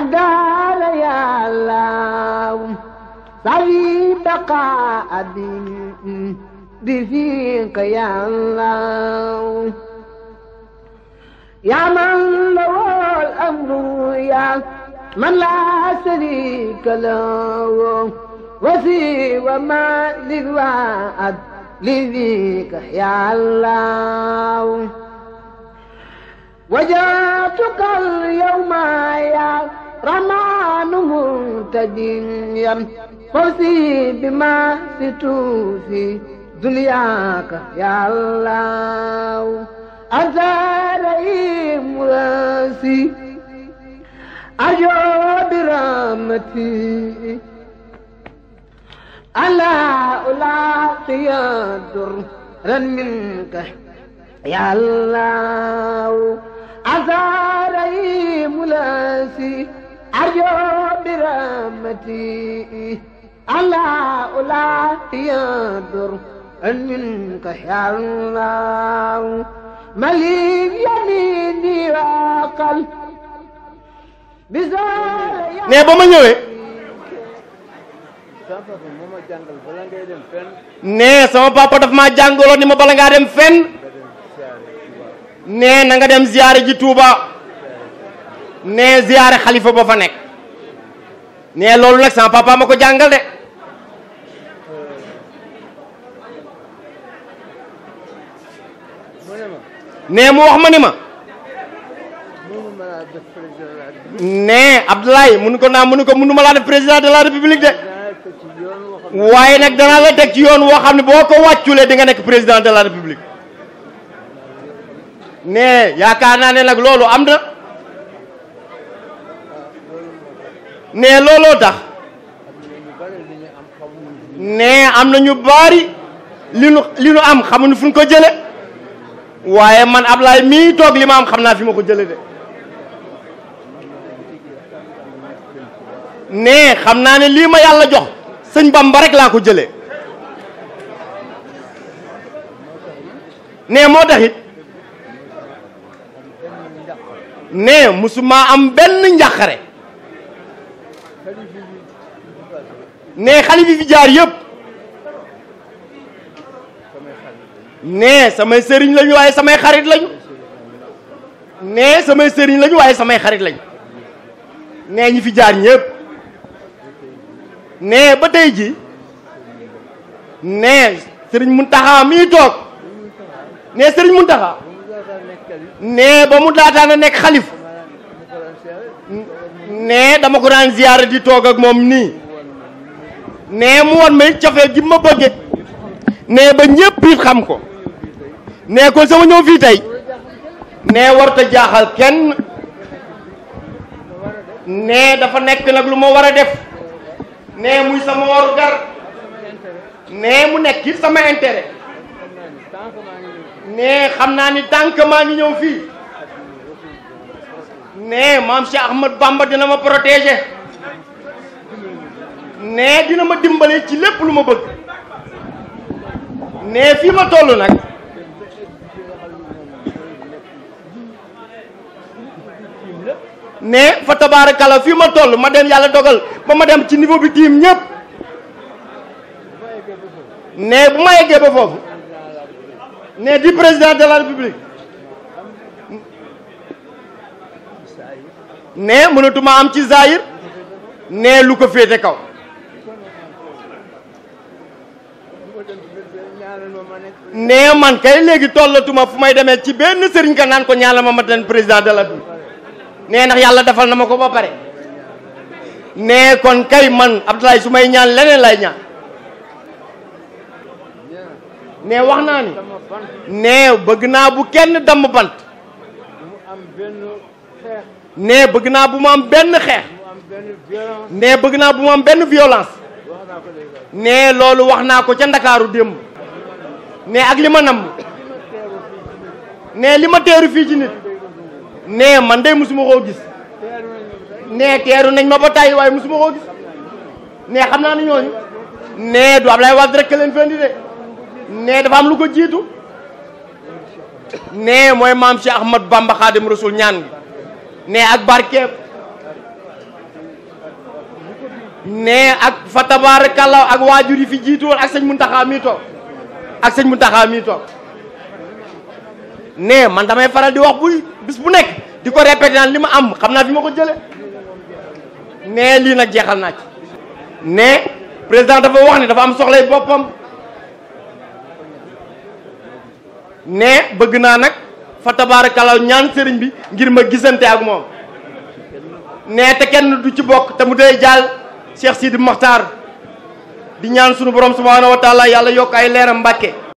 ودار يا الله صلي بقاء بفيق يا الله يا من له الأمر يا من لا شريك له وسيء ما للوعد لذيك يا الله وجاتك اليوم رمان متديا فوزي بما ستوفي دنياك يا الله أنت رئيم راسي أجو برامتي ألا ألاقي درا منك يا الله أنت رئيم راسي رحمتي ألا ألا يدر أن منك يا الله مليم يميني وقل ne ba ma ñëwee ne sama papa daf maa jàngaloon ni ma bala ngaa dem fenn ne na nga dem ziyaare ji Tuuba ne ziyaare xalifa ba fa nekk nee loolu nag sama papa ma ko jàngal de nee mu wax ma ni ma nee Abdoulaye munu ko naa munu ko munu ma laa def président de la république de waaye nag danaa la teg ci yoon woo xam ne boo ko wàcculee di nga nekk président de la république nee yaakaar naa ne nag loolu am na nee looloo tax nee am nañu ñu bari li nu am xamuñu fu ko jële waaye man Ablaye mii toog li ma am xam naa fi ma ko jële de nee xam naa ne lii ma yàlla jox sëñ Bamba rek laa ko jële nee moo taxit nee musuma am benn njàqare nee xalif yi fi jaar yépp nee samay sëriñ lañu waaye samay xarit lañu nee samay sëriñ lañu waaye samay xarit lañu nee ñi fi jaar ñëpp nee ba tey ji nee sëriñ Muntaxa mii toog nee sëriñ Muntaxa nee ba mu daataan a nekk xalif nee dama ko daan ziyaara di toog ak moom nii nee mu woon may cofee gi ma bëggee nee ba ñëpp it xam ko nee kon sama ñëw fii tey nee warta jaaxal kenn nee dafa nekk nag lu ma war a def nee muy sama waru nee mu nekk it sama intérêt nee xam naa ni tànk maa ngi ñëw fii nee maam Cheikh Ahmad Bamba dina ma protéger. ne dina ma dimbali ci lépp lu ma bëgg ne fii ma toll nag ne fa tabaarakala fii ma toll ma dem yàlla dogal ba ma dem ci niveau bi tiim ñépp ne bu ma yeggee ba foofu ne di président de la république ne mënatuma am ci zahir nee lu ko féete kaw nee man kay léegi tollatuma fu may demee ci benn sëriñ ka naan ko ñaanal ma ma den président de la bi nee ndax yàlla defal na ma ko ba pare nee kon kay man Abdoulaye su may ñaan leneen lay ñaan nee wax naa ni nee bëgg naa bu kenn damm bant nee bëgg naa bu mu am benn xeex ne bëgg naa bu mu am benn violence ne loolu wax naa ko ca ndakaaru démb ne ak li namm ne li ma teeru fii ci nit ne man de musuma koo gis ne teeru nañ ma ba tàyyi waaye musuma koo gis ne xam naa ne ñooñu ne du Ablaye Wade rek leen fendi de ne dafa am lu ko jiitu ne mooy maam Cheikh Ahmad Bamba Khadim Rasul ñaan gi ak barkeeb ne ak fa tabaarakallaa ak waajur yi fi jiitu woon ak sëñ Muntaxa mii toog ak sëñ Muntaxa mii toog ne man damay faral di wax buy bis bu nekk di ko répété naan li ma am xam naa fi ma ko jële ne lii nag jeexal naa ci ne président dafa wax ne dafa am soxlay boppam ne bëgg naa nag fa tabaarakallaa ñaan sëriñ bi ngir ma gisante ak moom ne te kenn du ci bokk te mu dee jàll Cheikh Sidi Makhtar di ñaan sunu borom subhaanahu wa yàlla yokk ay leeram Mbàkke